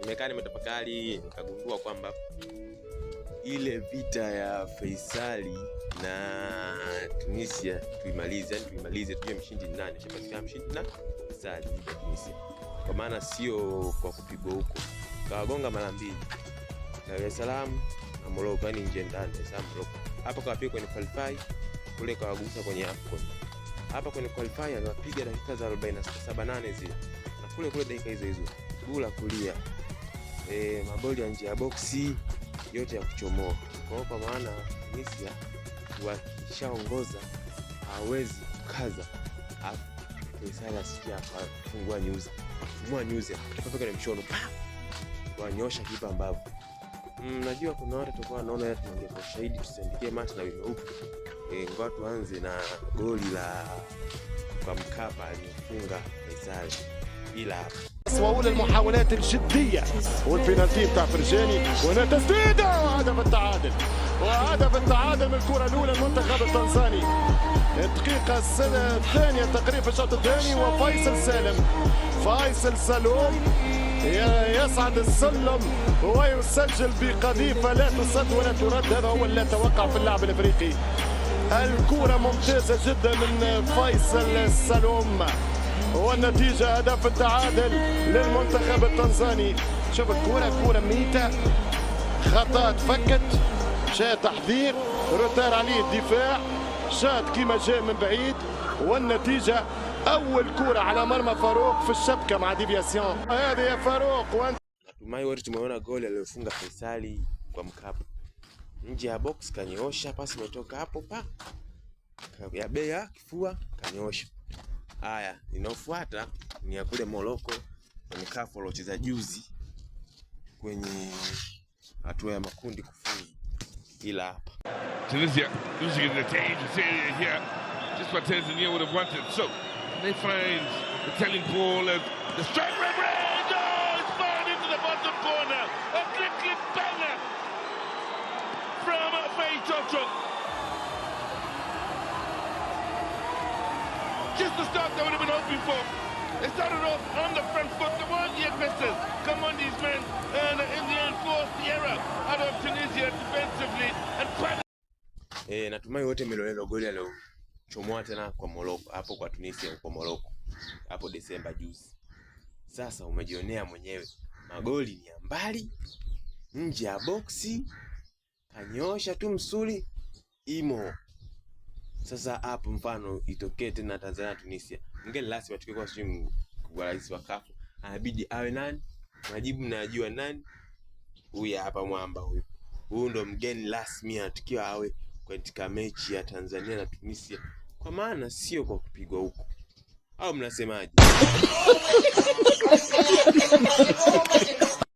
nimekaa nimetafakari, nikagundua kwamba ile vita ya Faisali na Tunisia tuimalize, yani tuimalize, tuje mshindi ni nani, shapatikana mshindi na Faisali ya Tunisia, kwa maana sio kwa kupigwa huko, kawagonga mara mbili Dar es Salaam na Morocco, yani nje ndani, Dar es Salaam Morocco, hapa kawapiga kwenye qualify, kule kawagusa kwenye AFCON. Hapa kwenye qualify aliwapiga dakika za 47 8 zile na kule kule dakika hizo hizo mguu la kulia, e, magoli ya nje ya boksi yote ya kuchomoa. Kwa hiyo kwa maana Tunisia wakishaongoza hawezi kukaza, Sala sikia akafungua nyuzi fumua nyuzi akapeka na pa wanyosha kipa mbavu. Mm, najua kuna watu tutakuwa wanaona tunaongea kwa shahidi, tusiandikie match na wino huko e, ngoja tuanze na goli la kwa Mkapa aliyofunga Faisal, ila واولى المحاولات الجديه والبينالتي بتاع فرجاني وهنا تسديده وهدف التعادل وهدف التعادل من الكره الاولى المنتخب التنزاني الدقيقه الثانيه تقريبا الشوط الثاني وفيصل سالم فيصل سالوم يصعد السلم ويسجل بقذيفه لا تصد ولا ترد هذا هو اللي توقع في اللعب الافريقي الكره ممتازه جدا من فيصل سالوم والنتيجة هدف التعادل للمنتخب التنزاني شوف الكرة كرة ميتة خطا تفكت جاء تحذير روتار عليه الدفاع شاط كيما جاء من بعيد والنتيجة أول كرة على مرمى فاروق في الشبكة مع ديفياسيون هذه يا فاروق وانت Natumai wote جول goli aliyofunga Faisali kwa mkapo nje ya box, kanyoosha pasi imetoka hapo pa ya bea kifua, kanyoosha Haya, inayofuata ni ya kule Moroko kwenye CAF waliocheza juzi kwenye hatua ya makundi kufuzu, ila hapa Tunisia usually the is here just what Tanzania would have wanted so they find the telling ball the Just the start I would have been hoping for. They started off on the front foot. There weren't the aggressors. Come on, these men. And in the end, forced the error out of Tunisia defensively. And eh, natumai wote milolelo goli aliochomoa tena kwa Morocco hapo kwa Tunisia kwa Morocco hapo Desemba juzi. Sasa umejionea mwenyewe magoli ni ya mbali, nje ya boksi, kanyosha tu msuli imo sasa hapo mfano itokee tena Tanzania na Tunisia, mgeni rasmi atukekuwa sijui rais wa kafu anabidi awe nani? Majibu najua nani huyu hapa mwamba huyu, huyu ndo mgeni rasmi anatakiwa awe katika mechi ya Tanzania na Tunisia, kwa maana sio kwa kupigwa huko, au mnasemaje?